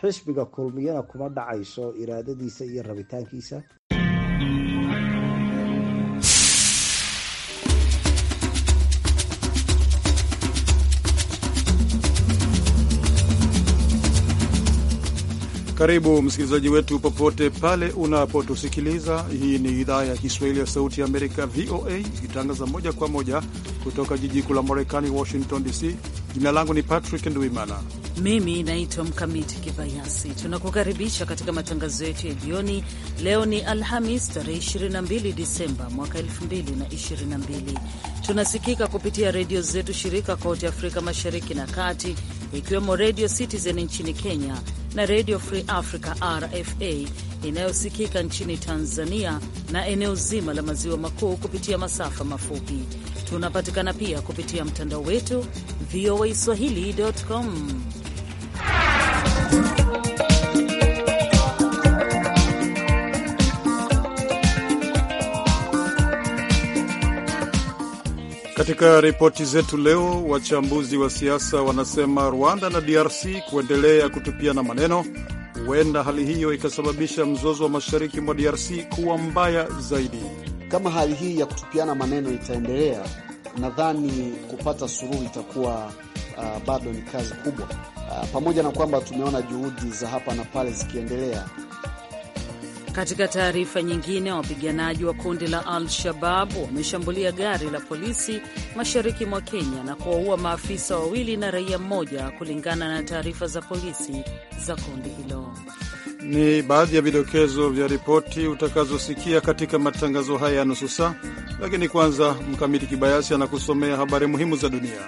xisbiga kulmiyana kuma dhacayso iraadadiisa iyo rabitaankiisa Karibu msikilizaji wetu popote pale unapotusikiliza. Hii ni idhaa ya Kiswahili ya Sauti ya Amerika, VOA, ikitangaza moja kwa moja kutoka jiji kuu la Marekani, Washington DC. Jina langu ni Patrick Ndwimana. Mimi naitwa Mkamiti Kibayasi. Tunakukaribisha katika matangazo yetu ya jioni. Leo ni Alhamis, tarehe 22 Disemba mwaka 2022. Tunasikika kupitia redio zetu shirika kote Afrika Mashariki na Kati, ikiwemo Radio Citizen nchini Kenya na Radio Free Africa RFA inayosikika nchini Tanzania na eneo zima la maziwa makuu kupitia masafa mafupi. Tunapatikana pia kupitia mtandao wetu voa Swahili.com. Katika ripoti zetu leo, wachambuzi wa siasa wanasema Rwanda na DRC kuendelea kutupiana maneno huenda hali hiyo ikasababisha mzozo wa mashariki mwa DRC kuwa mbaya zaidi. Kama hali hii ya kutupiana maneno itaendelea, nadhani kupata suluhu itakuwa uh, bado ni kazi kubwa uh, pamoja na kwamba tumeona juhudi za hapa na pale zikiendelea katika taarifa nyingine, wapiganaji wa kundi la Al-Shabab wameshambulia gari la polisi mashariki mwa Kenya na kuwaua maafisa wawili na raia mmoja, kulingana na taarifa za polisi za kundi hilo. Ni baadhi ya vidokezo vya ripoti utakazosikia katika matangazo haya ya nusu saa, lakini kwanza, Mkamiti Kibayasi anakusomea habari muhimu za dunia.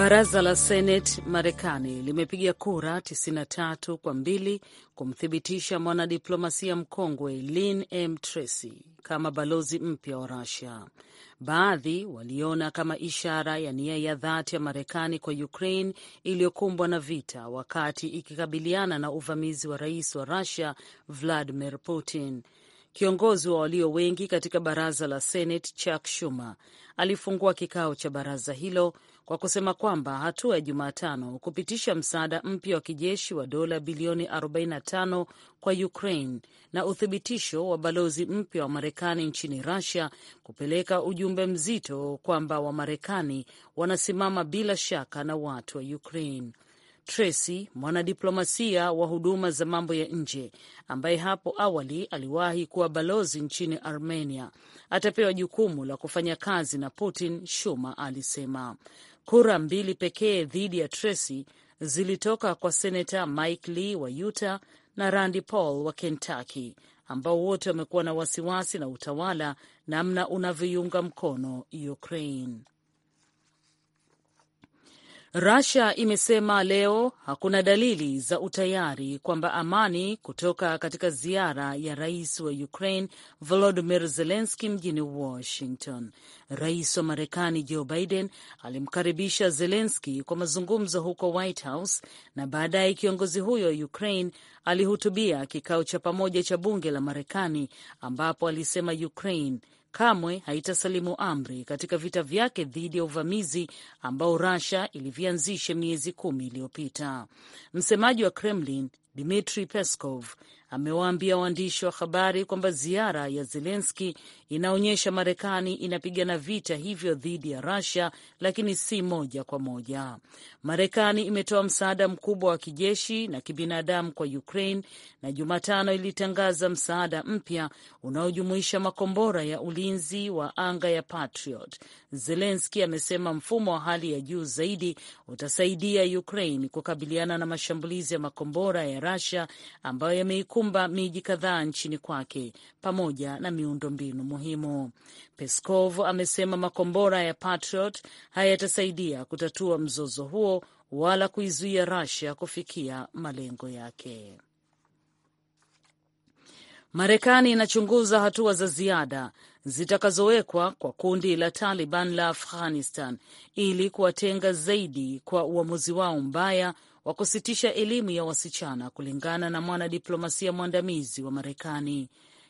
Baraza la Seneti Marekani limepiga kura 93 kwa mbili kumthibitisha mwanadiplomasia mkongwe lin M. Tracy kama balozi mpya wa Rusia. Baadhi waliona kama ishara ya nia ya dhati ya Marekani kwa Ukraine iliyokumbwa na vita wakati ikikabiliana na uvamizi wa rais wa Rusia Vladimir Putin. Kiongozi wa walio wengi katika baraza la Seneti Chuck Schumer alifungua kikao cha baraza hilo kwa kusema kwamba hatua ya Jumatano kupitisha msaada mpya wa kijeshi wa dola bilioni 45 kwa Ukraine na uthibitisho wa balozi mpya wa Marekani nchini Russia kupeleka ujumbe mzito kwamba Wamarekani wanasimama bila shaka na watu wa Ukraine. Tracy, mwanadiplomasia wa huduma za mambo ya nje ambaye hapo awali aliwahi kuwa balozi nchini Armenia, atapewa jukumu la kufanya kazi na Putin, Shuma alisema. Kura mbili pekee dhidi ya Tracy zilitoka kwa senata Mike Lee wa Utah na Randi Paul wa Kentucky, ambao wote wamekuwa na wasiwasi na utawala namna unavyoiunga mkono Ukraine. Russia imesema leo hakuna dalili za utayari kwamba amani kutoka katika ziara ya rais wa Ukraine Volodymyr Zelensky mjini Washington. Rais wa Marekani Joe Biden alimkaribisha Zelensky kwa mazungumzo huko White House, na baadaye kiongozi huyo wa Ukraine alihutubia kikao cha pamoja cha bunge la Marekani ambapo alisema Ukraine kamwe haitasalimu amri katika vita vyake dhidi ya uvamizi ambao Russia ilivianzisha miezi kumi iliyopita. Msemaji wa Kremlin Dmitri Peskov amewaambia waandishi wa habari kwamba ziara ya Zelenski inaonyesha Marekani inapigana vita hivyo dhidi ya Russia, lakini si moja kwa moja. Marekani imetoa msaada mkubwa wa kijeshi na kibinadamu kwa Ukraine na Jumatano ilitangaza msaada mpya unaojumuisha makombora ya ulinzi wa anga ya Patriot. Zelenski amesema mfumo wa hali ya juu zaidi utasaidia Ukraine kukabiliana na mashambulizi ya makombora ya Russia ambayo yameikumba kukumba miji kadhaa nchini kwake pamoja na miundombinu muhimu. Peskov amesema makombora ya Patriot hayatasaidia kutatua mzozo huo wala kuizuia Russia kufikia malengo yake. Marekani inachunguza hatua za ziada zitakazowekwa kwa kundi la Taliban la Afghanistan ili kuwatenga zaidi kwa uamuzi wao mbaya wa kusitisha elimu ya wasichana, kulingana na mwanadiplomasia mwandamizi wa Marekani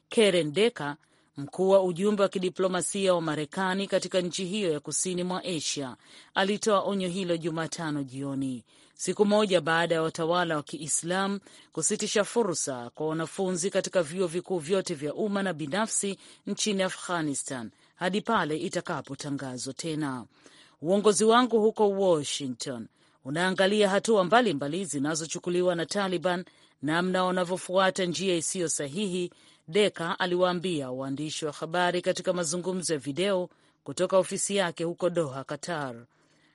Karen Decker, mkuu wa ujumbe wa kidiplomasia wa Marekani katika nchi hiyo ya kusini mwa Asia. Alitoa onyo hilo Jumatano jioni, siku moja baada ya watawala wa Kiislamu kusitisha fursa kwa wanafunzi katika vyuo vikuu vyote vya umma na binafsi nchini Afghanistan hadi pale itakapotangazwa tena. Uongozi wangu huko Washington unaangalia hatua mbalimbali zinazochukuliwa na Taliban, namna wanavyofuata njia isiyo sahihi, Deka aliwaambia waandishi wa habari katika mazungumzo ya video kutoka ofisi yake huko Doha, Qatar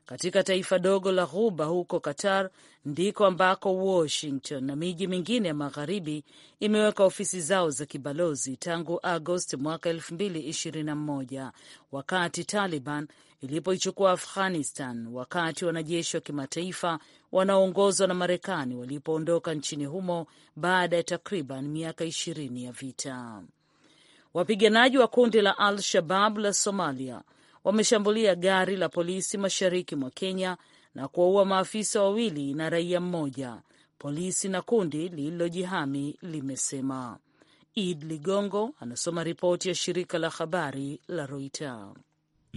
katika taifa dogo la Ghuba huko Qatar, ndiko ambako Washington na miji mingine ya magharibi imeweka ofisi zao za kibalozi tangu Agosti mwaka 2021 wakati Taliban ilipoichukua Afghanistan, wakati wanajeshi wa kimataifa wanaoongozwa na Marekani walipoondoka nchini humo baada ya takriban miaka ishirini ya vita. Wapiganaji wa kundi la Al Shabab la Somalia wameshambulia gari la polisi mashariki mwa Kenya na kuwaua maafisa wawili na raia mmoja, polisi na kundi lililojihami limesema. Id Ligongo anasoma ripoti ya shirika la habari la Reuters.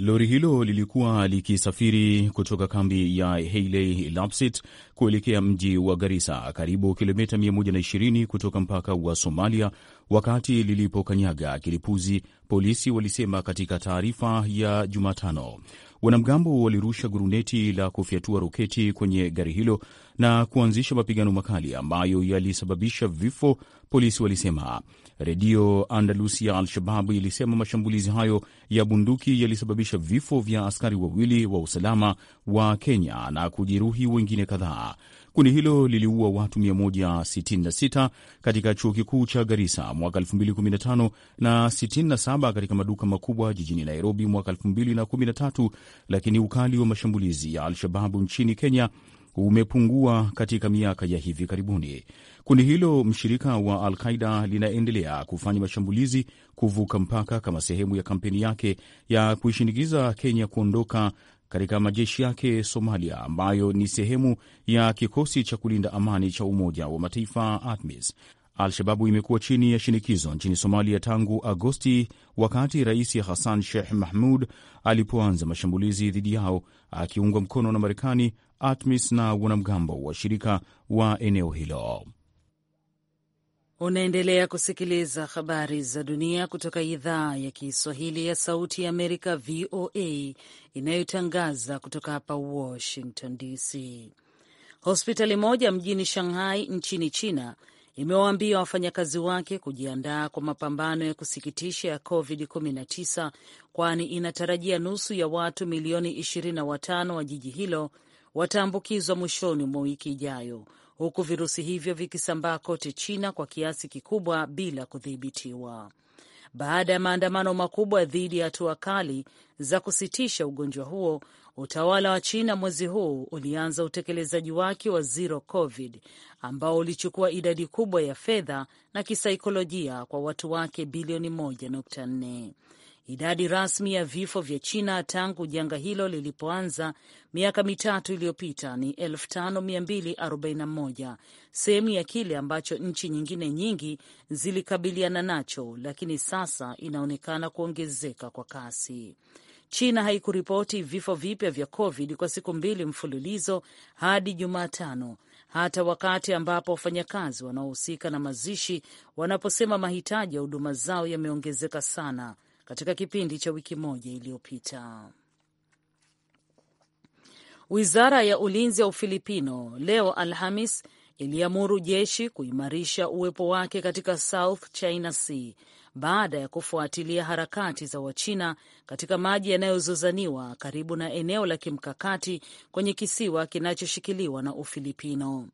Lori hilo lilikuwa likisafiri kutoka kambi ya Hailey lapsit kuelekea mji wa Garisa, karibu kilomita 120 kutoka mpaka wa Somalia, wakati lilipokanyaga kilipuzi, polisi walisema katika taarifa ya Jumatano. Wanamgambo walirusha guruneti la kufyatua roketi kwenye gari hilo na kuanzisha mapigano makali ambayo yalisababisha vifo, polisi walisema. Redio andalusi ya Al-Shababu ilisema mashambulizi hayo ya bunduki yalisababisha vifo vya askari wawili wa usalama wa Kenya na kujeruhi wengine kadhaa. Kundi hilo liliua watu 166 katika chuo kikuu cha Garissa mwaka 2015 na 67 katika maduka makubwa jijini Nairobi mwaka 2013, lakini ukali wa mashambulizi ya Al-Shababu nchini Kenya umepungua katika miaka ya hivi karibuni. Kundi hilo mshirika wa Al Qaida linaendelea kufanya mashambulizi kuvuka mpaka kama sehemu ya kampeni yake ya kuishinikiza Kenya kuondoka katika majeshi yake Somalia, ambayo ni sehemu ya kikosi cha kulinda amani cha Umoja wa Mataifa ATMIS. Al-Shababu imekuwa chini ya shinikizo nchini Somalia tangu Agosti, wakati Rais Hassan Sheikh Mahmud alipoanza mashambulizi dhidi yao akiungwa mkono na Marekani, ATMIS na wanamgambo wa shirika wa eneo hilo. Unaendelea kusikiliza habari za dunia kutoka idhaa ya Kiswahili ya Sauti ya Amerika, VOA, inayotangaza kutoka hapa Washington DC. Hospitali moja mjini Shanghai nchini China imewaambia wafanyakazi wake kujiandaa kwa mapambano ya kusikitisha ya COVID-19 kwani inatarajia nusu ya watu milioni 25 wa jiji hilo wataambukizwa mwishoni mwa wiki ijayo, huku virusi hivyo vikisambaa kote China kwa kiasi kikubwa bila kudhibitiwa. Baada ya maandamano makubwa dhidi ya hatua kali za kusitisha ugonjwa huo, utawala wa China mwezi huu ulianza utekelezaji wake wa zero covid, ambao ulichukua idadi kubwa ya fedha na kisaikolojia kwa watu wake bilioni 1.4. Idadi rasmi ya vifo vya China tangu janga hilo lilipoanza miaka mitatu iliyopita ni 5241 sehemu ya kile ambacho nchi nyingine nyingi zilikabiliana nacho, lakini sasa inaonekana kuongezeka kwa kasi. China haikuripoti vifo vipya vya COVID kwa siku mbili mfululizo hadi Jumatano, hata wakati ambapo wafanyakazi wanaohusika na mazishi wanaposema mahitaji ya huduma zao yameongezeka sana katika kipindi cha wiki moja iliyopita. Wizara ya ulinzi ya Ufilipino leo Alhamis iliamuru jeshi kuimarisha uwepo wake katika South China Sea baada ya kufuatilia harakati za Wachina katika maji yanayozozaniwa karibu na eneo la kimkakati kwenye kisiwa kinachoshikiliwa na Ufilipino.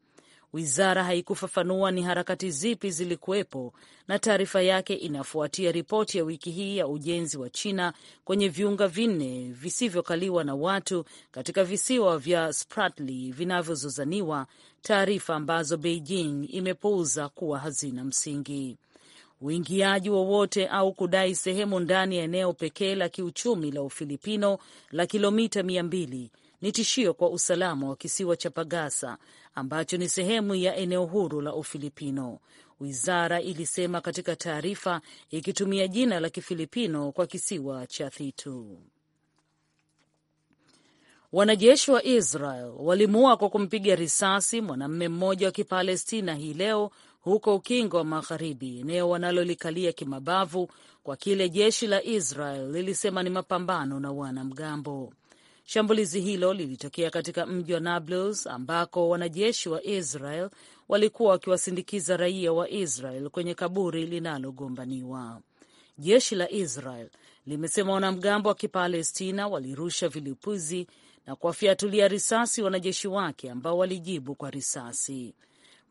Wizara haikufafanua ni harakati zipi zilikuwepo, na taarifa yake inafuatia ripoti ya wiki hii ya ujenzi wa China kwenye viunga vinne visivyokaliwa na watu katika visiwa vya Spratly vinavyozozaniwa, taarifa ambazo Beijing imepuuza kuwa hazina msingi. Uingiaji wowote au kudai sehemu ndani ya eneo pekee la kiuchumi la Ufilipino la kilomita mia mbili ni tishio kwa usalama wa kisiwa cha Pagasa ambacho ni sehemu ya eneo huru la Ufilipino. Wizara ilisema katika taarifa ikitumia jina la Kifilipino kwa kisiwa cha Thitu. Wanajeshi wa Israel walimuua kwa kumpiga risasi mwanamume mmoja wa Kipalestina hii leo huko Ukingo wa Magharibi, eneo wanalolikalia kimabavu kwa kile jeshi la Israel lilisema ni mapambano na wanamgambo. Shambulizi hilo lilitokea katika mji wa Nablus ambako wanajeshi wa Israel walikuwa wakiwasindikiza raia wa Israel kwenye kaburi linalogombaniwa. Jeshi la Israel limesema wanamgambo wa Kipalestina walirusha vilipuzi na kuwafyatulia risasi wanajeshi wake ambao walijibu kwa risasi.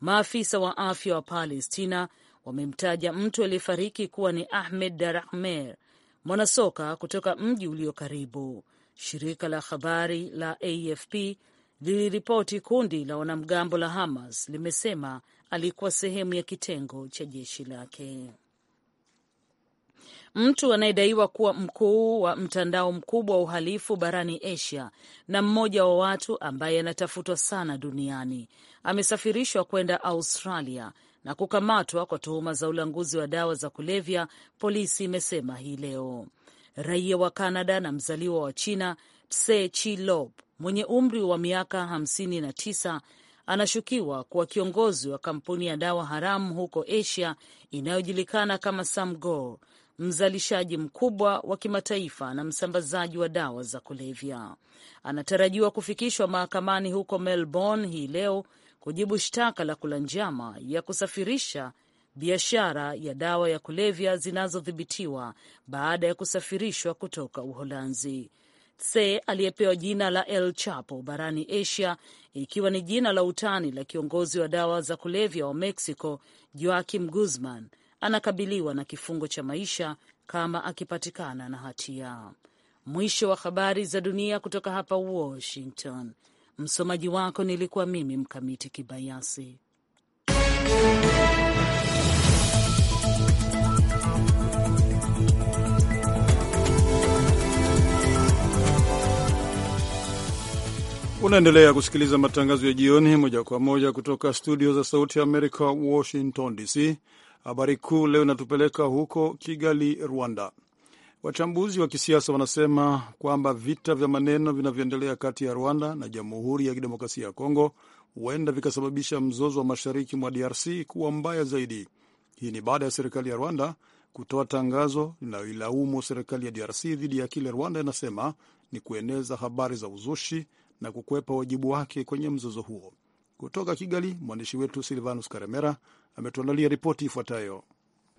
Maafisa wa afya wa Palestina wamemtaja mtu aliyefariki kuwa ni Ahmed Darahmer, mwanasoka kutoka mji ulio karibu. Shirika la habari la AFP liliripoti kundi la wanamgambo la Hamas limesema alikuwa sehemu ya kitengo cha jeshi lake. Mtu anayedaiwa kuwa mkuu wa mtandao mkubwa wa uhalifu barani Asia na mmoja wa watu ambaye anatafutwa sana duniani amesafirishwa kwenda Australia na kukamatwa kwa tuhuma za ulanguzi wa dawa za kulevya, polisi imesema hii leo raia wa Canada na mzaliwa wa China Tse Chi mwenye umri wa miaka 59 anashukiwa kuwa kiongozi wa kampuni ya dawa haramu huko Asia inayojulikana kama Samgor, mzalishaji mkubwa wa kimataifa na msambazaji wa dawa za kulevya. Anatarajiwa kufikishwa mahakamani huko Melbourne hii leo kujibu shtaka la kula njama ya kusafirisha biashara ya dawa ya kulevya zinazodhibitiwa baada ya kusafirishwa kutoka Uholanzi. Tse aliyepewa jina la El Chapo barani Asia, ikiwa ni jina la utani la kiongozi wa dawa za kulevya wa Mexico Joaquim Guzman, anakabiliwa na kifungo cha maisha kama akipatikana na hatia. Mwisho wa habari za dunia kutoka hapa Washington. Msomaji wako nilikuwa mimi Mkamiti Kibayasi. Unaendelea kusikiliza matangazo ya jioni moja kwa moja kutoka studio za Sauti ya Amerika, Washington DC. Habari kuu leo inatupeleka huko Kigali, Rwanda. Wachambuzi wa kisiasa wanasema kwamba vita vya maneno vinavyoendelea kati ya Rwanda na Jamhuri ya Kidemokrasia ya Kongo huenda vikasababisha mzozo wa mashariki mwa DRC kuwa mbaya zaidi. Hii ni baada ya serikali ya Rwanda kutoa tangazo linayoilaumu serikali ya DRC dhidi ya kile Rwanda inasema ni kueneza habari za uzushi na kukwepa wajibu wake kwenye mzozo huo. Kutoka Kigali, mwandishi wetu Silvanus Karemera ametuandalia ripoti ifuatayo.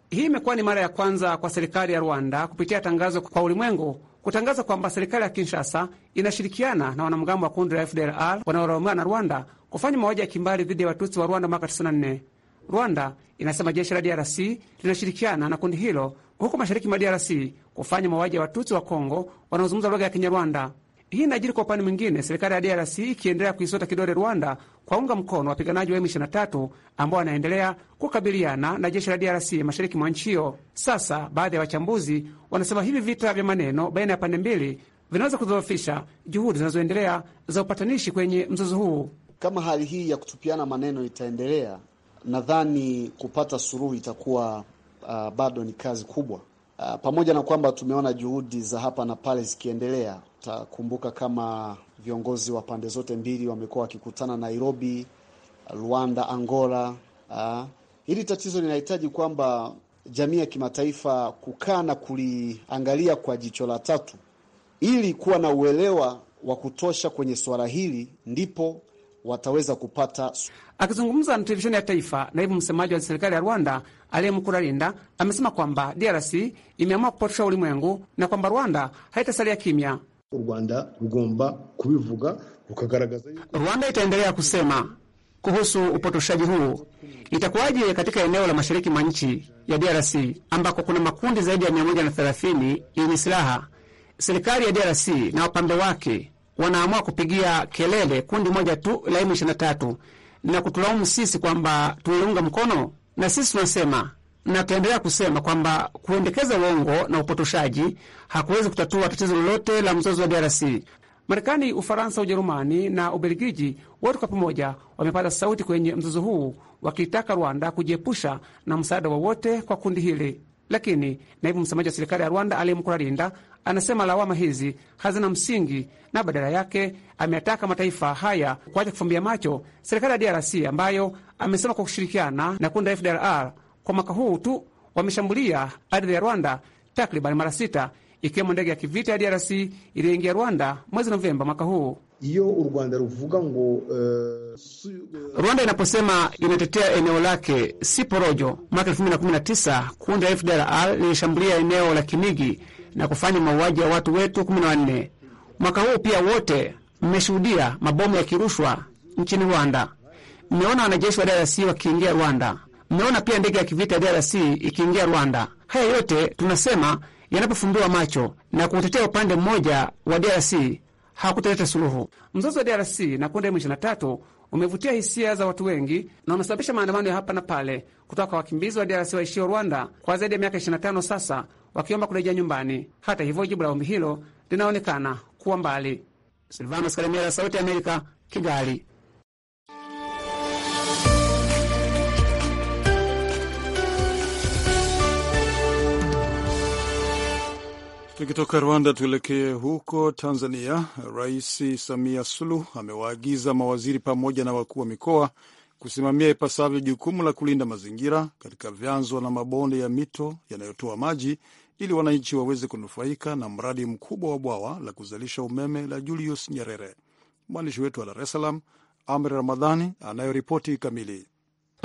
Hii imekuwa ni mara ya kwanza kwa serikali ya Rwanda kupitia tangazo kwa ulimwengu kutangaza kwamba serikali ya Kinshasa inashirikiana na wanamgambo wa kundi la FDLR wanaolaumiwa na Rwanda kufanya mauaji ya kimbali dhidi ya Watutsi wa Rwanda mwaka 94. Rwanda inasema jeshi la DRC linashirikiana na kundi hilo huku mashariki mwa DRC kufanya mauaji ya Watutsi wa Kongo wanaozungumza lugha ya Kinyarwanda. Hii inajiri kwa upande mwingine, serikali ya DRC ikiendelea kuisota kidole Rwanda kwa unga mkono wapiganaji wa M23 ambao wanaendelea kukabiliana na jeshi la DRC mashariki mwa nchi hiyo. Sasa baadhi ya wachambuzi wanasema hivi vita vya maneno baina ya pande mbili vinaweza kudhoofisha juhudi zinazoendelea za upatanishi kwenye mzozo huu. Kama hali hii ya kutupiana maneno itaendelea, nadhani kupata suluhu itakuwa uh, bado ni kazi kubwa uh, pamoja na kwamba tumeona juhudi za hapa na pale zikiendelea Takumbuka kama viongozi wa pande zote mbili wamekuwa wakikutana Nairobi, Rwanda, Angola. Ah, hili tatizo linahitaji kwamba jamii ya kimataifa kukaa na kuliangalia kwa jicho la tatu ili kuwa na uelewa wa kutosha kwenye suala hili, ndipo wataweza kupata. Akizungumza na televisheni ya taifa, naibu msemaji wa serikali ya Rwanda aliyemkurarinda amesema kwamba DRC imeamua kupotosha ulimwengu na kwamba Rwanda haitasalia kimya u Rwanda rugomba kubivuga rukagaragaza Rwanda itaendelea kusema kuhusu upotoshaji huo. Itakuwaje katika eneo la mashariki mwa nchi ya DRC ambako kuna makundi zaidi ya 130 yenye silaha? Serikali ya DRC na wapambe wake wanaamua kupigia kelele kundi moja tu la M23 na kutulaumu sisi kwamba tuliunga mkono, na sisi tunasema na kusema kwamba kuendekeza uongo na upotoshaji hakuwezi kutatua tatizo lolote la mzozo wa DRC. Marekani, Ufaransa, Ujerumani na Ubelgiji wote kwa pamoja wamepata sauti kwenye mzozo huu, wakitaka Rwanda kujiepusha na msaada wowote kwa kundi hili. Lakini naibu msemaji wa serikali ya Rwanda Ali Mukurarinda anasema lawama hizi hazina msingi na badala yake ameyataka mataifa haya kuacha kufumbia macho serikali ya DRC ambayo amesema kwa kushirikiana na kundi la FDLR kwa mwaka huu tu wameshambulia ardhi ya Rwanda takriban mara sita, ikiwemo ndege ya kivita ya DRC iliyoingia Rwanda mwezi Novemba mwaka huu. Iyo u Rwanda ruvuga ngo uh, Rwanda inaposema inatetea eneo lake si porojo. Mwaka 2019 kundi la FDLR lilishambulia eneo la Kinigi na kufanya mauaji ya watu wetu 14. Mwaka huu pia wote mmeshuhudia mabomu yakirushwa nchini Rwanda, mmeona wanajeshi wa DRC wakiingia Rwanda. Mmeona pia ndege ya kivita DRC ikiingia Rwanda. Haya yote tunasema yanapofumbiwa macho na kutetea upande mmoja wa DRC hakutaleta suluhu. Mzozo wa DRC na kundi M23 umevutia hisia za watu wengi na umesababisha maandamano ya hapa na pale kutoka kwa wakimbizi wa DRC waishio Rwanda kwa zaidi ya miaka 25 sasa, wakiomba kurejea nyumbani. Hata hivyo, jibu la ombi hilo linaonekana kuwa mbali. Sauti ya Amerika, Kigali. Tukitoka Rwanda tuelekee huko Tanzania. Rais Samia Suluhu amewaagiza mawaziri pamoja na wakuu wa mikoa kusimamia ipasavyo jukumu la kulinda mazingira katika vyanzo na mabonde ya mito yanayotoa maji ili wananchi waweze kunufaika na mradi mkubwa wa bwawa la kuzalisha umeme la Julius Nyerere. Mwandishi wetu wa Dar es Salaam, Amri Ramadhani, anayoripoti kamili.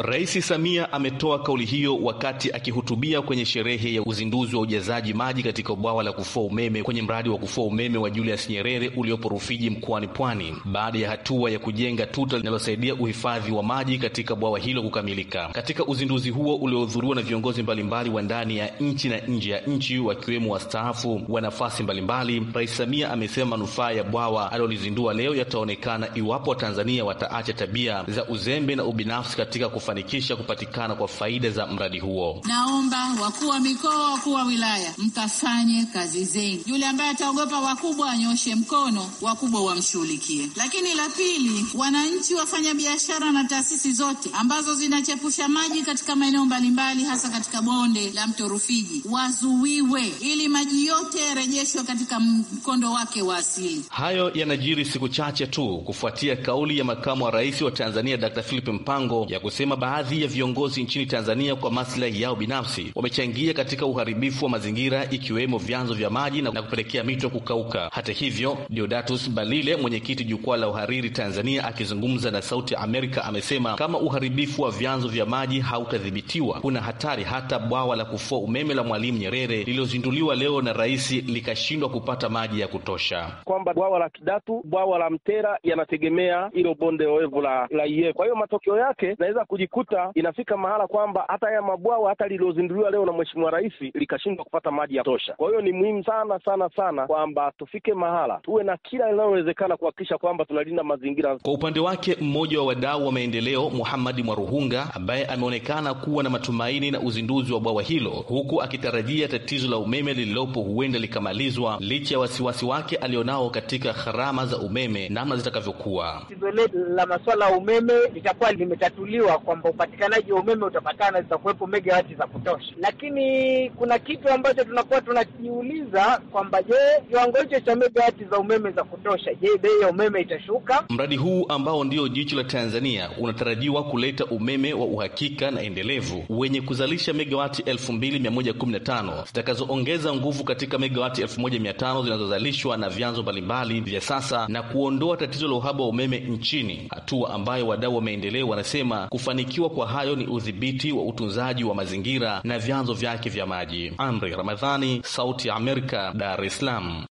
Rais Samia ametoa kauli hiyo wakati akihutubia kwenye sherehe ya uzinduzi wa ujazaji maji katika bwawa la kufua umeme kwenye mradi wa kufua umeme wa Julius Nyerere uliopo Rufiji mkoani Pwani, baada ya hatua ya kujenga tuta linalosaidia uhifadhi wa maji katika bwawa hilo kukamilika. Katika uzinduzi huo uliohudhuriwa na viongozi mbalimbali wa ndani ya nchi na nje ya nchi, wakiwemo wastaafu wa nafasi mbalimbali, Rais Samia amesema manufaa ya bwawa alilolizindua leo yataonekana iwapo Watanzania wataacha tabia za uzembe na ubinafsi katika kufa kufanikisha kupatikana kwa faida za mradi huo. Naomba wakuu wa mikoa, wakuu wa wilaya, mkafanye kazi zenu. Yule ambaye ataogopa wakubwa anyoshe mkono, wakubwa wamshughulikie. Lakini la pili, wananchi, wafanyabiashara na taasisi zote ambazo zinachepusha maji katika maeneo mbalimbali, hasa katika bonde la mto Rufiji wazuiwe, ili maji yote yarejeshwe katika mkondo wake wa asili. Hayo yanajiri siku chache tu kufuatia kauli ya makamu wa rais wa Tanzania Dr. Philip Mpango ya kusema amesema baadhi ya viongozi nchini Tanzania kwa maslahi yao binafsi wamechangia katika uharibifu wa mazingira ikiwemo vyanzo vya maji na kupelekea mito kukauka. Hata hivyo, Deodatus Balile, mwenyekiti jukwaa la uhariri Tanzania, akizungumza na Sauti ya Amerika, amesema kama uharibifu wa vyanzo vya maji hautadhibitiwa, kuna hatari hata bwawa la kufua umeme la Mwalimu Nyerere lililozinduliwa leo na rais likashindwa kupata maji ya kutosha, kwamba bwawa la Kidatu, bwawa la Mtera yanategemea hilo bonde oevu la, la iye. Kwa hiyo matokeo yake naweza kujikuta inafika mahala kwamba hata haya mabwawa hata lililozinduliwa leo na Mheshimiwa Rais likashindwa kupata maji ya tosha. Kwa hiyo ni muhimu sana sana sana kwamba tufike mahala tuwe na kila linalowezekana kuhakikisha kwamba tunalinda mazingira. Kwa upande wake, mmoja wa wadau wa maendeleo muhamadi Mwaruhunga ambaye ameonekana kuwa na matumaini na uzinduzi wa bwawa hilo, huku akitarajia tatizo la umeme lililopo huenda likamalizwa licha ya wasiwasi wake alionao katika gharama za umeme namna zitakavyokuwa. Tatizo la masuala ya umeme litakuwa limetatuliwa kwamba upatikanaji wa umeme utapatana, zitakuwepo megawati za kutosha. Lakini kuna kitu ambacho tunakuwa tunajiuliza kwamba je, kiwango hicho cha megawati za umeme za kutosha, je, bei ya umeme itashuka? Mradi huu ambao ndio jicho la Tanzania unatarajiwa kuleta umeme wa uhakika na endelevu wenye kuzalisha megawati 2115 zitakazoongeza nguvu katika megawati 1500 zinazozalishwa na vyanzo mbalimbali vya sasa na kuondoa tatizo la uhaba wa umeme nchini, hatua ambayo wadau wa maendeleo wanasema kufani Kufanikiwa kwa hayo ni udhibiti wa utunzaji wa mazingira na vyanzo vyake vya maji. Amri Ramadhani, Sauti ya Amerika, Dar es Salaam.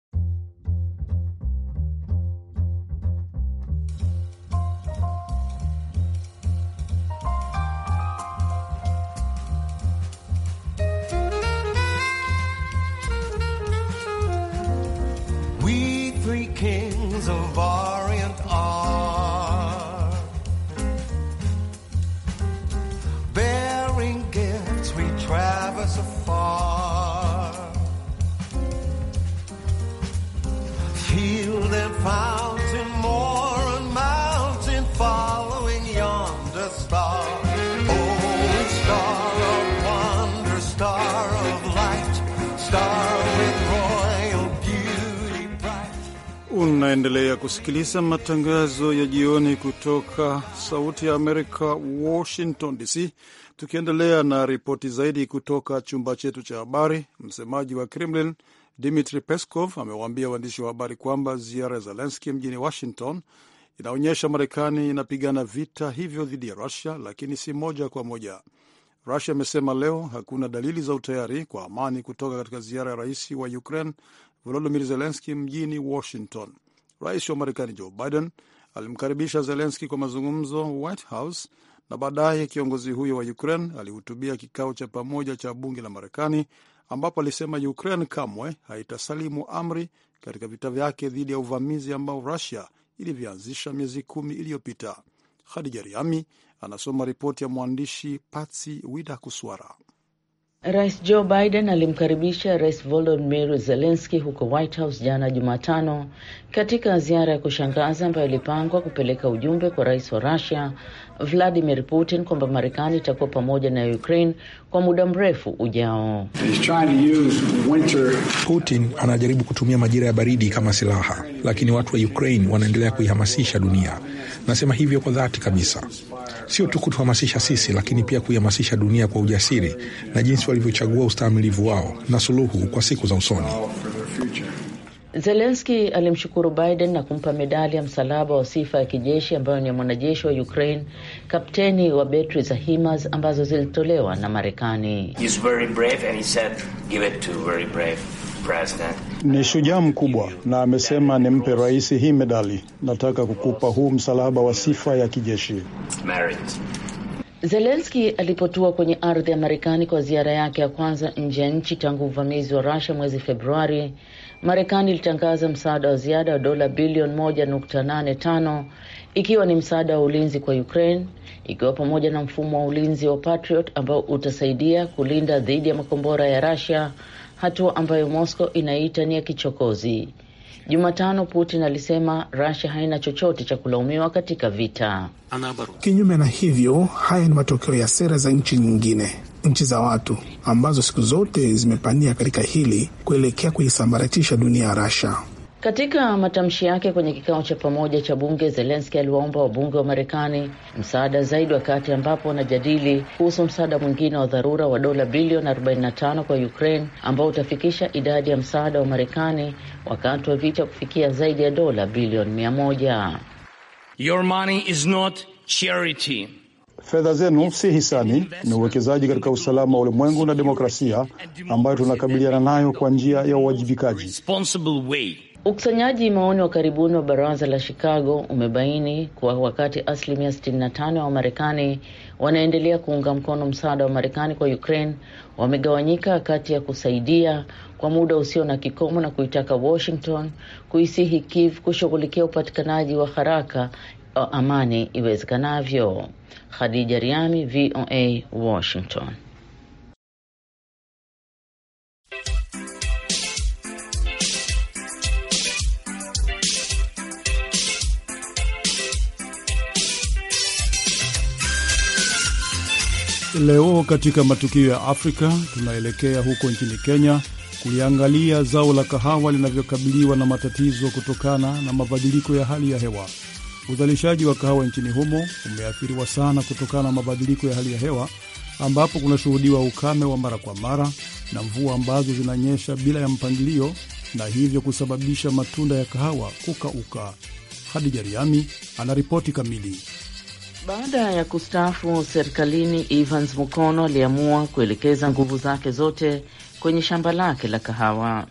far. Unaendelea kusikiliza matangazo ya jioni kutoka Sauti ya Amerika, Washington DC. Tukiendelea na ripoti zaidi kutoka chumba chetu cha habari, msemaji wa Kremlin Dmitri Peskov amewaambia waandishi wa habari kwamba ziara ya Zelenski mjini Washington inaonyesha Marekani inapigana vita hivyo dhidi ya Rusia, lakini si moja kwa moja. Rusia imesema leo hakuna dalili za utayari kwa amani kutoka katika ziara ya rais wa Ukraine volodimir Zelenski mjini Washington. Rais wa Marekani Joe Biden alimkaribisha Zelenski kwa mazungumzo White House, na baadaye kiongozi huyo wa Ukraine alihutubia kikao cha pamoja cha bunge la Marekani ambapo alisema Ukraine kamwe haitasalimu amri katika vita vyake dhidi ya uvamizi ambao Rusia ilivyoanzisha miezi kumi iliyopita. Khadija Riami anasoma ripoti ya mwandishi Patsi Wida Kuswara. Rais Joe Biden alimkaribisha Rais Volodymyr Zelensky huko White House jana Jumatano katika ziara ya kushangaza ambayo ilipangwa kupeleka ujumbe kwa Rais wa Russia Vladimir Putin kwamba Marekani itakuwa pamoja na Ukraine kwa muda mrefu ujao. Putin anajaribu kutumia majira ya baridi kama silaha, lakini watu wa Ukraine wanaendelea kuihamasisha dunia. Nasema hivyo kwa dhati kabisa, sio tu kutuhamasisha sisi, lakini pia kuihamasisha dunia kwa ujasiri na jinsi walivyochagua ustahimilivu wao na suluhu kwa siku za usoni. Zelenski alimshukuru Biden na kumpa medali ya msalaba wa sifa ya kijeshi ambayo ni ya mwanajeshi wa Ukraine, kapteni wa betri za HIMARS ambazo zilitolewa na Marekani. Ni shujaa mkubwa, na amesema nimpe rais hii medali. Nataka kukupa huu msalaba wa sifa ya kijeshi Merit. Zelenski alipotua kwenye ardhi ya Marekani kwa ziara yake ya kwanza nje ya nchi tangu uvamizi wa Rusia mwezi Februari, Marekani ilitangaza msaada wa ziada wa dola bilioni 1.85 ikiwa ni msaada wa ulinzi kwa Ukraine, ikiwa pamoja na mfumo wa ulinzi wa Patriot ambao utasaidia kulinda dhidi ya makombora ya Rusia, hatua ambayo Moscow inaita ni ya kichokozi. Jumatano Putin alisema Russia haina chochote cha kulaumiwa katika vita. Kinyume na hivyo, haya ni matokeo ya sera za nchi nyingine, nchi za watu ambazo siku zote zimepania katika hili kuelekea kuisambaratisha dunia ya Russia. Katika matamshi yake kwenye kikao cha pamoja cha bunge, Zelenski aliwaomba wabunge wa Marekani msaada zaidi, wakati ambapo wanajadili kuhusu msaada mwingine wa dharura wa dola bilioni 45 kwa Ukraine ambao utafikisha idadi ya msaada wa Marekani wakati wa vita kufikia zaidi ya dola bilioni 1 Your money is not charity. Fedha zenu si hisani, ni uwekezaji katika usalama wa ulimwengu na demokrasia ambayo tunakabiliana nayo kwa njia ya uwajibikaji. Ukusanyaji maoni wa karibuni wa baraza la Chicago umebaini kuwa wakati asilimia 65 ya Wamarekani wanaendelea kuunga mkono msaada wa Marekani kwa Ukraine, wamegawanyika kati ya kusaidia kwa muda usio na kikomo na kuitaka Washington kuisihi Kiev kushughulikia upatikanaji wa haraka wa uh, amani iwezekanavyo. Khadija Riami, VOA, Washington. Leo katika matukio ya Afrika tunaelekea huko nchini Kenya kuliangalia zao la kahawa linavyokabiliwa na matatizo kutokana na mabadiliko ya hali ya hewa. Uzalishaji wa kahawa nchini humo umeathiriwa sana kutokana na mabadiliko ya hali ya hewa ambapo kunashuhudiwa ukame wa mara kwa mara na mvua ambazo zinanyesha bila ya mpangilio na hivyo kusababisha matunda ya kahawa kukauka. Hadija Riami anaripoti kamili. Baada ya kustaafu serikalini, Evans Mukono aliamua kuelekeza nguvu zake zote kwenye shamba lake la kahawa.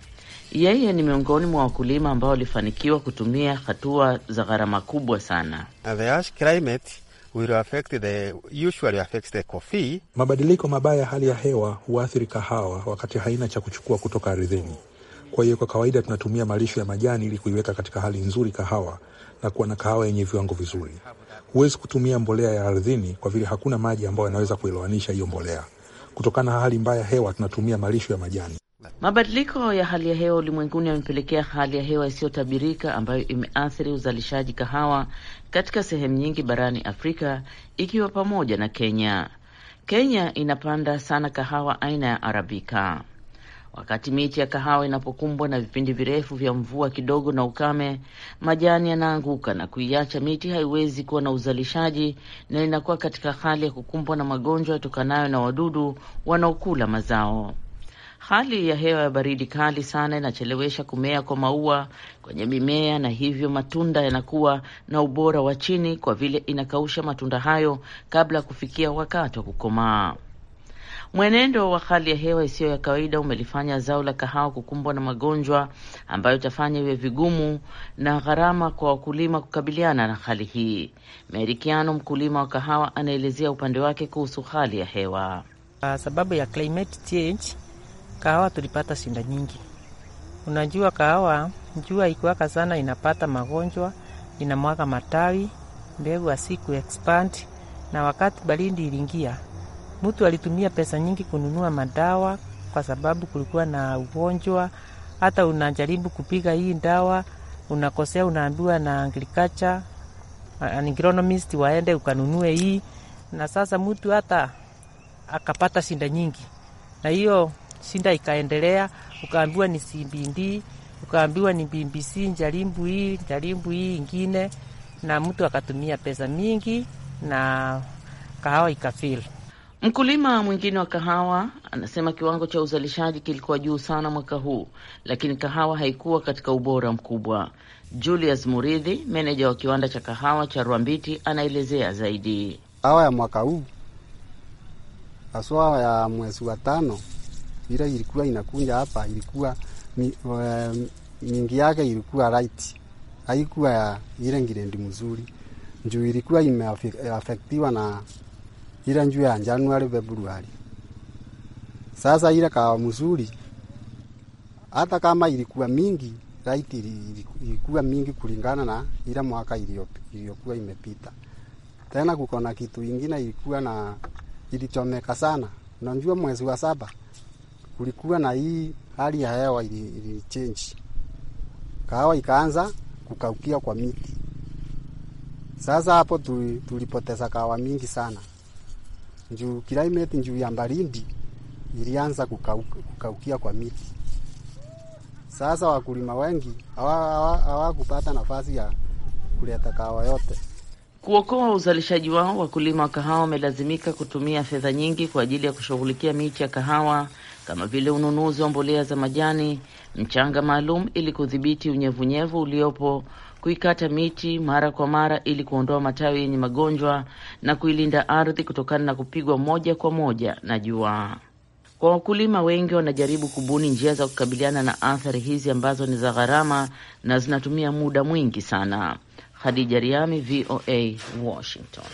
Yeye ni miongoni mwa wakulima ambao walifanikiwa kutumia hatua za gharama kubwa sana. Mabadiliko mabaya ya hali ya hewa huathiri kahawa wakati haina cha kuchukua kutoka ardhini. Kwa hiyo kwa kawaida tunatumia malisho ya majani ili kuiweka katika hali nzuri kahawa na kuwa na kahawa yenye viwango vizuri. Huwezi kutumia mbolea ya ardhini kwa vile hakuna maji ambayo yanaweza kuiloanisha hiyo mbolea. Kutokana na hali mbaya hewa, tunatumia malisho ya majani. Mabadiliko ya hali ya hewa ulimwenguni yamepelekea hali ya hewa isiyotabirika ambayo imeathiri uzalishaji kahawa katika sehemu nyingi barani Afrika ikiwa pamoja na Kenya. Kenya inapanda sana kahawa aina ya Arabika. Wakati miti ya kahawa inapokumbwa na vipindi virefu vya mvua kidogo na ukame, majani yanaanguka na kuiacha miti haiwezi kuwa na uzalishaji na inakuwa katika hali ya kukumbwa na magonjwa yatokanayo na wadudu wanaokula mazao. Hali ya hewa ya baridi kali sana inachelewesha kumea kwa maua kwenye mimea na hivyo matunda yanakuwa na ubora wa chini kwa vile inakausha matunda hayo kabla ya kufikia wakati wa kukomaa. Mwenendo wa hali ya hewa isiyo ya kawaida umelifanya zao la kahawa kukumbwa na magonjwa ambayo itafanya iwe vigumu na gharama kwa wakulima kukabiliana na hali hii. Merikiano, mkulima wa kahawa, anaelezea upande wake kuhusu hali ya hewa. Kwa sababu ya climate change, kahawa tulipata shida nyingi. Unajua, kahawa jua ikiwaka sana inapata magonjwa, inamwaga matawi, mbegu asiku expand, na wakati baridi iliingia Mtu alitumia pesa nyingi kununua madawa kwa sababu kulikuwa na ugonjwa. Hata unajaribu kupiga hii dawa unakosea, unaambiwa na agriculture agronomist waende ukanunue hii. Na sasa mtu hata akapata shinda nyingi, na hiyo shinda ikaendelea, ukaambiwa ni CBD, ukaambiwa ni BBC, jaribu hii, jaribu hii ingine, na mtu akatumia pesa mingi na kahawa ikafil Mkulima mwingine wa kahawa anasema kiwango cha uzalishaji kilikuwa juu sana mwaka huu, lakini kahawa haikuwa katika ubora mkubwa. Julius Muridhi, meneja wa kiwanda cha kahawa cha Rwambiti, anaelezea zaidi. Kahawa ya mwaka huu haswa ya mwezi wa tano, ile ilikuwa inakunja hapa, ilikuwa mingi yake ilikuwa right, haikuwa ya ile ngirendi mzuri, juu ilikuwa imeafektiwa na ila njuu ya Januari Februari. Sasa ila kawa mzuri, hata kama ilikuwa mingi right, ilikuwa mingi kulingana na ila mwaka iliyokuwa imepita. Tena kuko na kitu ingine ilikuwa na ilichomeka sana. Unajua mwezi wa saba kulikuwa na hii hali ya hewa ilichenji, kahawa ikaanza kukaukia kwa miti. Sasa hapo tulipoteza kahawa mingi sana njuu climate njuu ya mbarindi ilianza kukauka, kukaukia kwa miti. Sasa wakulima wengi hawakupata nafasi ya kuleta kahawa yote. Kuokoa uzalishaji wao, wakulima wa kahawa wamelazimika kutumia fedha nyingi kwa ajili ya kushughulikia miti ya kahawa kama vile ununuzi wa mbolea za majani, mchanga maalum ili kudhibiti unyevunyevu uliopo kuikata miti mara kwa mara ili kuondoa matawi yenye magonjwa na kuilinda ardhi kutokana na kupigwa moja kwa moja na jua. Kwa wakulima wengi wanajaribu kubuni njia za kukabiliana na athari hizi ambazo ni za gharama na zinatumia muda mwingi sana. Khadija Riami, VOA, Washington.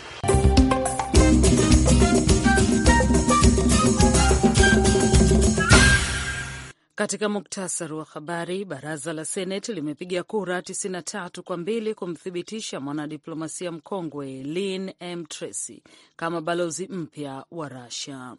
Katika muktasari wa habari, baraza la Seneti limepiga kura 93 kwa mbili kumthibitisha mwanadiplomasia mkongwe Lynn M Tracy kama balozi mpya wa Rusia.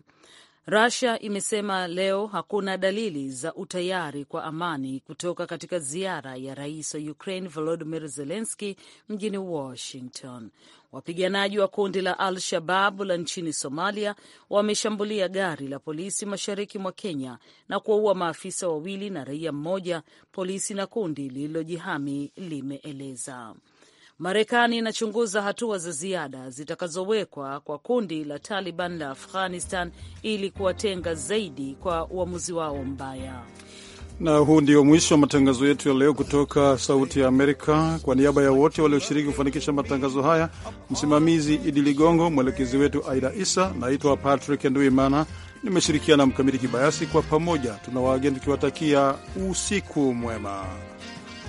Russia imesema leo hakuna dalili za utayari kwa amani kutoka katika ziara ya rais wa Ukraine Volodymyr Zelensky mjini Washington. Wapiganaji wa kundi la Al-Shabab la nchini Somalia wameshambulia gari la polisi mashariki mwa Kenya na kuwaua maafisa wawili na raia mmoja, polisi na kundi lililojihami limeeleza. Marekani inachunguza hatua za ziada zitakazowekwa kwa kundi la Taliban la Afghanistan ili kuwatenga zaidi kwa uamuzi wao mbaya. Na huu ndio mwisho wa matangazo yetu ya leo kutoka Sauti ya Amerika. Kwa niaba ya wote walioshiriki kufanikisha matangazo haya, msimamizi Idi Ligongo, mwelekezi wetu Aida Isa, naitwa Patrick Nduimana, nimeshirikiana na Mkamiti Kibayasi. Kwa pamoja tuna waageni tukiwatakia usiku mwema.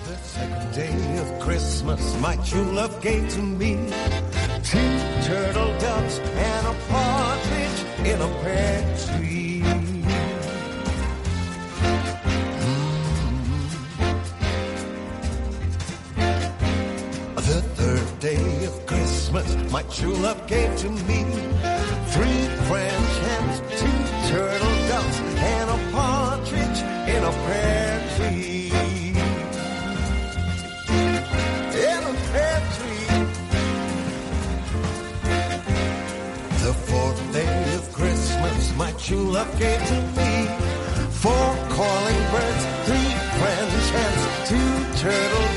The second day of Christmas, my true love gave to me two turtle doves and a partridge in a pear tree. Mm. The third day of Christmas, my true love gave to me three French hens, two turtle doves, and a partridge in a pear tree. day of Christmas my true love gave to me. Four calling birds, three friends, hens, two turtle doves.